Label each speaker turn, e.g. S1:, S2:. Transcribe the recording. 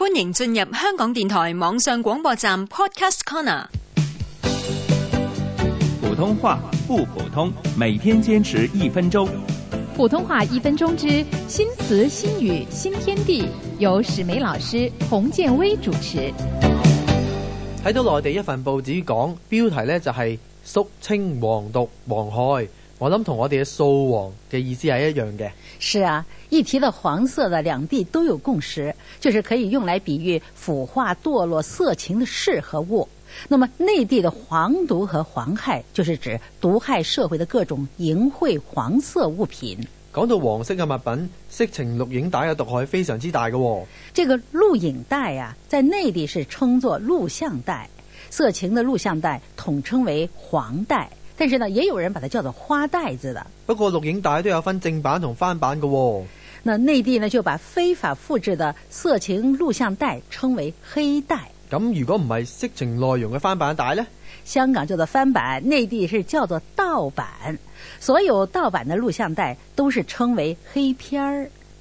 S1: 歡迎進入香港電台網上廣播站 Podcast Corner。
S2: 普通話不普通，每天堅持一分鐘。
S1: 普通話一分鐘之新詞新語新天地，由史梅老師洪建威主持。
S2: 睇到內地一份報紙講，標題呢，就是，就係肅清黃毒黃害。我諗同我哋嘅掃黃嘅意思係一樣嘅。
S3: 是啊，一提到黃色的，兩地都有共識，就是可以用來比喻腐化、墮落、色情的事和物。那麼內地的黃毒和黃害，就是指毒害社會嘅各種淫穢黃色物品。
S2: 講到黃色嘅物品，色情錄影帶嘅毒害非常之大嘅哦。
S3: 這個錄影帶啊，在內地是稱作錄像帶，色情的錄像帶統稱為黃帶。但是呢，也有人把它叫做花帶子的。
S2: 不過，錄影帶都有分正版同翻版㗎喎。
S3: 那內地呢，就把非法複製的色情錄像帶稱為黑帶。
S2: 咁如果唔係色情內容嘅翻版帶呢？香港
S3: 叫做翻版，內地是叫做盜版。所有盜版的錄像帶都是稱為黑片兒。